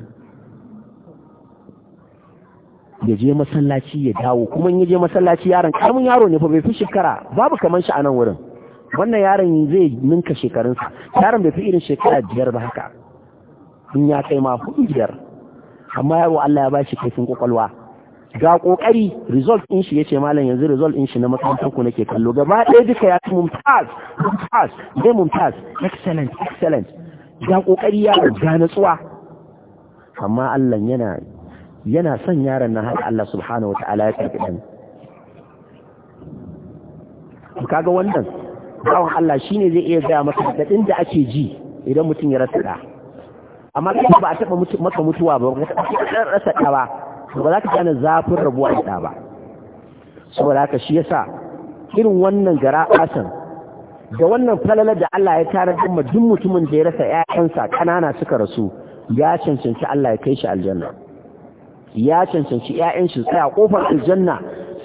ya je masallaci ya dawo kuma in ya je masallaci yaron karamin yaro ne fa bai fi shekara babu kaman shi a nan wurin wannan yaron zai ninka shekarunsa yaron bai fi irin shekara biyar ba haka in ya kai ma hudu biyar amma yaro Allah ya ba shi kaifin kwakwalwa ga kokari result din shi yace malam yanzu result in shi na makarantar ku nake kallo gaba ɗaya duka ya fi mumtaz mumtaz dai mumtaz excellent excellent ga kokari ya ga natsuwa amma Allah yana yana son yaron nan har Allah subhanahu ta'ala ya karbi dan kaga wannan bawan Allah shi ne zai iya gaya maka daɗin da ake ji idan mutum ya rasa ɗa amma kuma ba a taɓa maka mutuwa ba ba ka rasa ɗa ba ba za ka gane zafin rabuwa da ɗa ba saboda haka shi yasa irin wannan gara asan da wannan falalar da Allah ya tara din duk mutumin da ya rasa 'ya'yansa ƙanana suka rasu ya cancanci Allah ya kai shi aljanna ya cancanci ƴaƴan shi tsaya kofar aljanna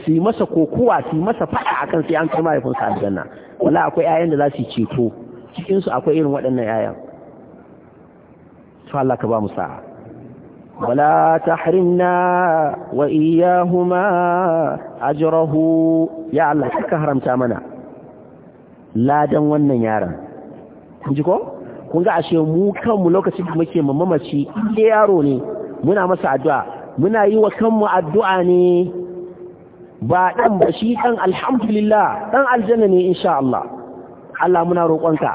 su yi masa kokowa su yi masa fada akan sai an kai mahaifinsa aljanna wala akwai 'ya'yan da za su ceto cikin su akwai irin waɗannan 'ya'yan to Allah ka ba mu sa wala tahrimna wa iyyahuma ajrahu ya Allah ka haramta mana ladan wannan yaran kun ji ko kun ga ashe mu kanmu lokacin da muke mamamaci ke yaro ne muna masa addu'a muna yi wa kanmu addu'a ne ba ɗan ba shi ɗan alhamdulillah ɗan aljanna ne insha Allah Allah muna roƙonka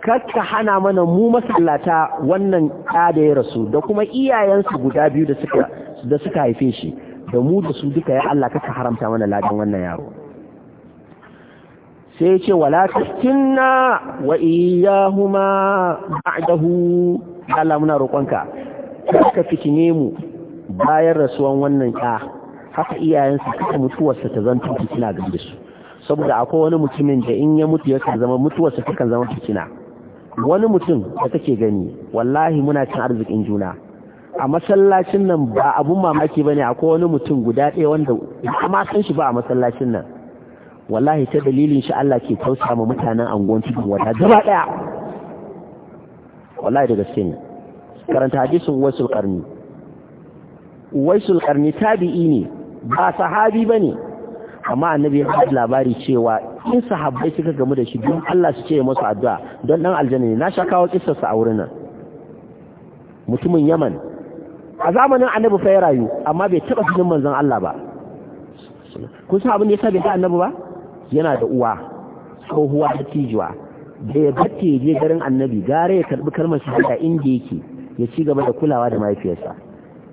kakka hana mana mu masallata wannan ɗa da ya rasu da kuma iyayensu guda biyu da suka da suka haife shi da mu da su duka ya Allah kakka haramta mana ladan wannan yaro sai ce wala tastinna wa iyahuma ba'dahu Allah muna roƙonka kakka fitine mu bayan rasuwan wannan ɗa haka iyayensu suka mutuwarsa ta zanta fitina ga su saboda akwai wani mutumin da in ya mutu yakan zama mutuwarsa kan zama fitina wani mutum da take gani wallahi muna cin arzikin juna a masallacin nan ba abun mamaki bane akwai wani mutum guda ɗaya wanda amma san shi ba a masallacin nan wallahi ta dalilin shi Allah ke tausa ma mutanen anguwan cikin wata gaba ɗaya wallahi da gaske ne karanta hadisin wasul karni waisul karni tabi'i ne ba sahabi ba ne amma annabi ya ba labari cewa in sahabbai suka gamu da shi don Allah su ce masu addu'a don dan aljanna na sha kawo kissar sa a wurin nan mutumin Yaman a zamanin annabi fa ya rayu amma bai taba ganin manzon Allah ba kun san abin da yasa bai ga annabi ba yana da uwa tsohuwa da tijuwa da ya batte je garin annabi gare ya karbi kalmar da inda yake ya ci gaba da kulawa da mahaifiyarsa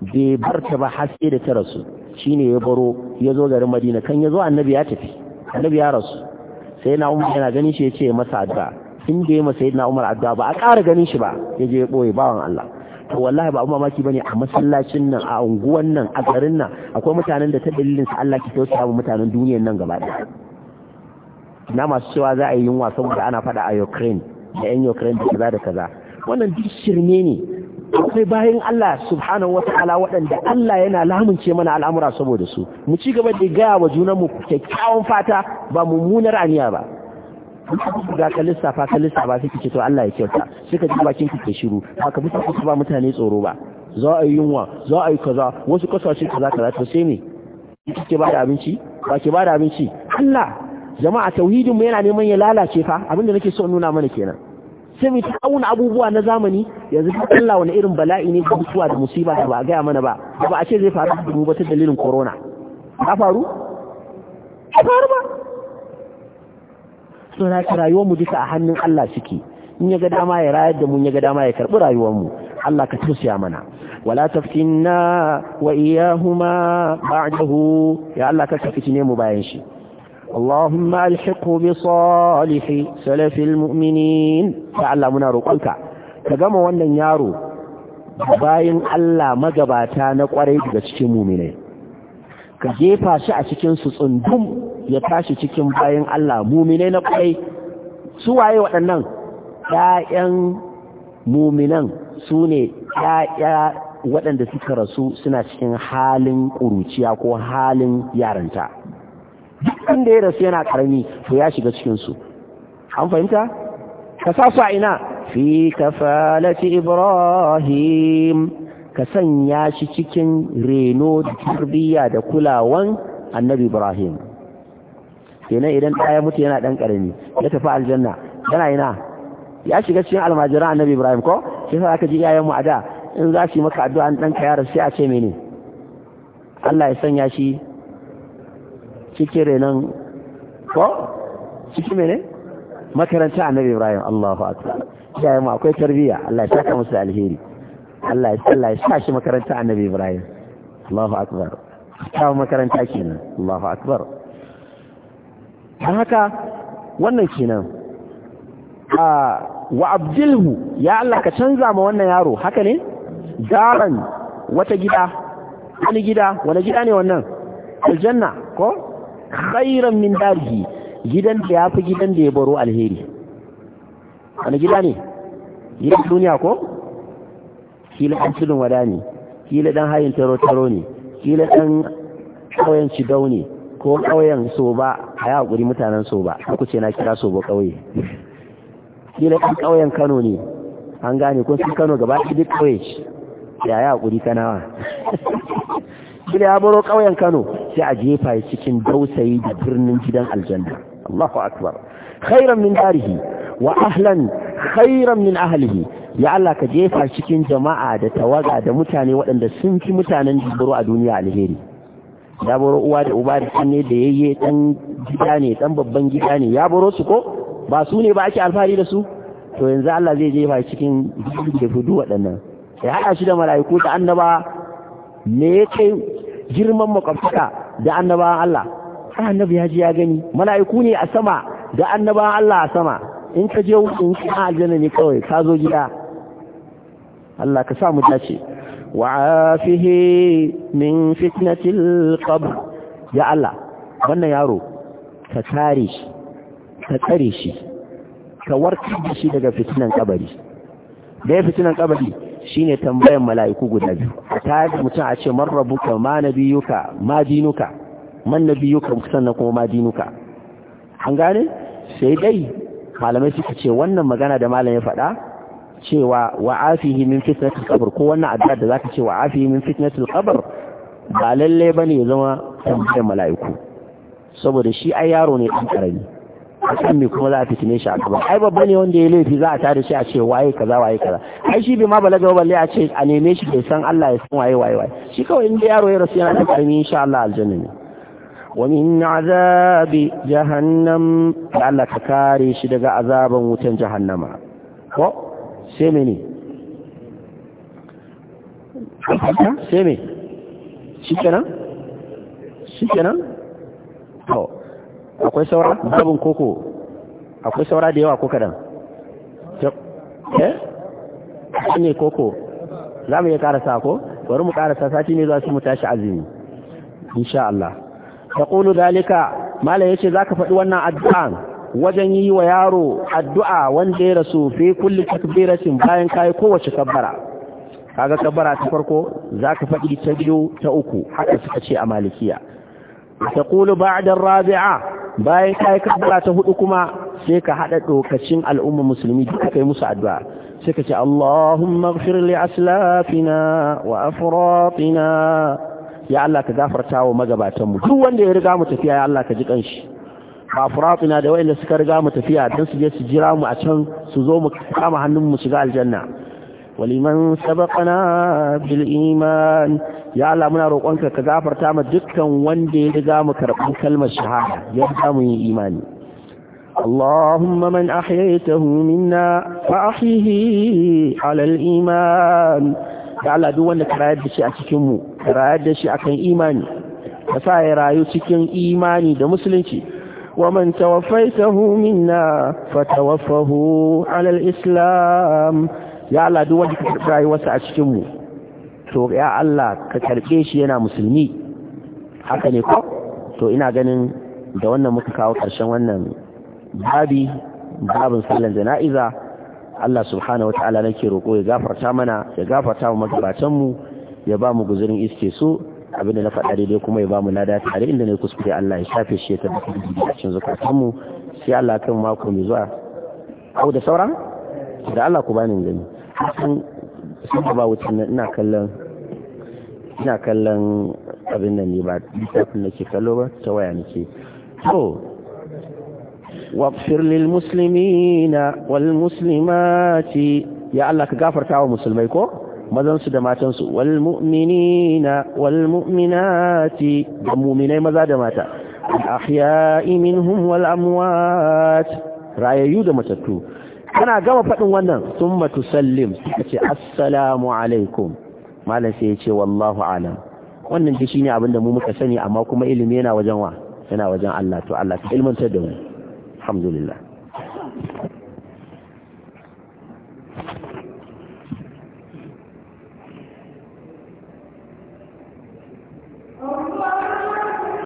bai barta ba haske da ta rasu shine ya baro ya zo garin madina kan ya zo annabi ya tafi annabi ya rasu sai na umar yana ganin shi ya ce masa addu'a in da ya masa yadda umar addu'a ba a ƙara ganin shi ba ya je ya ɓoye bawan Allah to wallahi ba umar maki bane a masallacin nan a unguwan nan a garin nan akwai mutanen da ta dalilin su Allah ke tausa wa mutanen duniyar nan gaba ɗaya na masu cewa za a yi yunwa saboda ana fada a Ukraine da 'yan Ukraine da kaza da kaza wannan duk shirme ne akwai bayan Allah subhanahu wata'ala waɗanda Allah yana lamunce mana al'amura saboda su mu ci gaba da gaya wa junanmu kyakkyawan fata ba mummunar aniya ba ga kalista fa kalista ba suke ce to Allah ya kyauta suka ka ji bakin ke shiru haka mutum ku ba mutane tsoro ba za a yi yunwa za a yi kaza wasu kasashe kaza kaza to sai ne kike ba da abinci ba ke ba da abinci Allah jama'a tauhidin mu yana neman ya lalace fa abinda nake so nuna mana kenan sai ta auna abubuwa na zamani yanzu ta Allah wani irin bala'i ne da da musiba ba a gaya mana ba ba a ce zai faru da mu ba ta dalilin corona ta faru ta faru ba so na ta rayuwar mu duka a hannun Allah suke in ya ga dama ya rayar da mu ya ga dama ya karɓi rayuwar mu Allah ka tausaya mana wala taftinna wa iyahuma ba'dahu ya Allah ka kafice ne mu bayan shi اللهم الحقه بصالح سلف المؤمنين تعالى منا ka كما wannan yaro bayin Allah magabata na kwarai daga cikin mu'minai ka jefa shi a cikin su tsundum ya tashi cikin bayin Allah mu'minai na kwarai su waye waɗannan 'ya'yan mu'minan sune yaya waɗanda suka rasu suna cikin halin ƙuruciya ko halin yaranta duk da ya rasu yana karami to ya shiga cikin su an fahimta ka sa su a ina fi kafalati ibrahim ka sanya shi cikin reno da tarbiyya da kulawan annabi ibrahim kenan idan ɗaya mutu yana ɗan ƙarami ya tafi aljanna yana ina ya shiga cikin almajiran annabi ibrahim ko shi sa aka ji iyayen mu a da in za su yi maka addu'a ɗan ka yaro sai a ce mene Allah ya sanya shi cikin renon ko cikin mene makaranta annabi ibrahim allahu akbar iyayen ma akwai tarbiyya Allah ya saka musu alheri Allah ya shashi makaranta sa shi makaranta annabi ibrahim allahu akbar ta makaranta kenan allahu akbar dan haka wannan kenan a wa abdilhu ya Allah ka canza ma wannan yaro haka ne daran wata gida wani gida wani gida ne wannan aljanna ko khairan min darihi gidan da ya fi gidan da ya baro alheri wani gida ne gidan duniya ko kila ɗan tudun wada ne kila dan hayin taro-taro ne kila dan ƙauyen cidau ne ko ƙauyen soba a yi haƙuri mutanen soba ku ce na kira soba ƙauye kila dan ƙauyen kano ne an gane kun sun kano gaba ɗaya duk kauye ya yi haƙuri kanawa [LAUGHS] kila ya baro ƙauyen kano sai a jefa ya cikin dausayi da birnin gidan aljanna Allahu akbar khairan min darihi wa ahlan khairan min ahlihi ya Allah ka jefa cikin jama'a da tawaga da mutane waɗanda sun fi mutanen jibiro a duniya alheri ya boro uwa da uba da ne da yayye dan gida ne dan babban gida ne ya boro su ko ba su ne ba ake alfahari da su to yanzu Allah zai jefa cikin da fudu waɗannan ya haɗa shi da mala'iku da annaba me ya kai girman makwabtaka da annabawan Allah har annabi ya ji ya gani mala'iku ne a sama da annabawan Allah a sama in ka je in ka aljanna ne kawai ka zo gida Allah ka sa mu dace afihi min fitnatil qabr ya Allah wannan yaro ka tare shi ka tsare shi ka warkar da shi daga fitnan kabari da ya fitinan kabari shine tambayan mala'iku guda biyu a tare mutum a ce man rabuka ma nabiyuka ma dinuka man nabiyuka sannan kuma ma dinuka an gane sai dai malamai suka ce wannan magana da malam ya faɗa cewa wa afihi min fitnatul qabr ko wannan addu'a da zaka ce wa afihi min fitnatul qabr ba lalle bane ya zama tambayar mala'iku saboda shi ai yaro ne dan karami a san me kuma za a fitine shi a gaba ai babba ne wanda ya laifi za a tada shi a ce waye kaza waye kaza ai shi bai ma balaga ba balle a ce a neme shi bai san Allah ya san waye waye waye shi kawai inda yaro ya rasu yana da karmi insha Allah aljanna ne wa min azabi jahannam da Allah ka kare shi daga azaban wutan jahannama ko sai ne sai me shikenan shikenan to akwai saura babin koko akwai saura da yawa ko dan eh ne koko za mu iya karasa ko bari mu karasa sati ne za su mu tashi azumi insha Allah taqulu dalika mala yace zaka faɗi wannan addu'an wajen yi wa yaro addu'a wanda ya rasu fi kulli takbiratin bayan kai kowace kabbara kaga kabbara ta farko zaka faɗi ta biyu ta uku haka suka ce a malikiya taqulu ba'da ar-rabi'a bayan ka yi kabbara ta hudu kuma sai ka hada dokacin al'umma musulmi duka kai musu addu'a sai ka ce Allahumma ighfir li aslafina wa afratina ya Allah ka gafarta wa magabatan mu duk wanda ya riga mu tafiya ya Allah ka ji kanshi ba afratina da wayanda suka riga mu tafiya dan su je su jira mu a can su zo mu kama hannun mu shiga aljanna waliman sabaqana bil iman ya Allah muna roƙonka ka gafarta ma dukkan wanda ya riga mu karɓi kalmar shahada ya riga mu yi imani اللهم من أحييته منا فأحيه على الإيمان يا الله دو wanda ka rayar da shi a cikin ka rayar da shi akan imani ka sa ya rayu cikin imani da musulunci ومن توفيته منا فتوفه على الإسلام ya Allah duk wanda ka karɓi rayuwarsa a cikin mu to ya Allah ka karɓe shi yana musulmi haka ne ko to ina ganin da wannan muka kawo ƙarshen wannan babi babin sallan jana'iza Allah subhanahu wata'ala nake roƙo ya gafarta mana ya gafarta mu magabatan mu ya ba mu guzurin iske so abin da na faɗa daidai kuma ya ba mu nada tare inda ne kuskure Allah ya shafe shi ya tabbatar da cikin zakatun mu sai Allah kan mako mai zuwa au da sauran da Allah ku bani gani sun sun wuce wucin nan ina kallon ina kallon abin da ne ba littafin da ke kallo ba ta waya nake to واغفر للمسلمين والمسلمات يا الله كغفرتا ومسلمي كو mazan su da matan su wal mu'minina wal mu'minati da mu'minai maza da mata al ahya'i minhum wal amwat rayayu da matattu ana gama faɗin wannan sun matu sallim ce assalamu alaikum malam sai ya ce wallahu alam wannan ji shine abin da mu muka sani amma kuma ilimi yana wajen wa yana wajen Allah to Allah ta ilmantar da mu alhamdulillah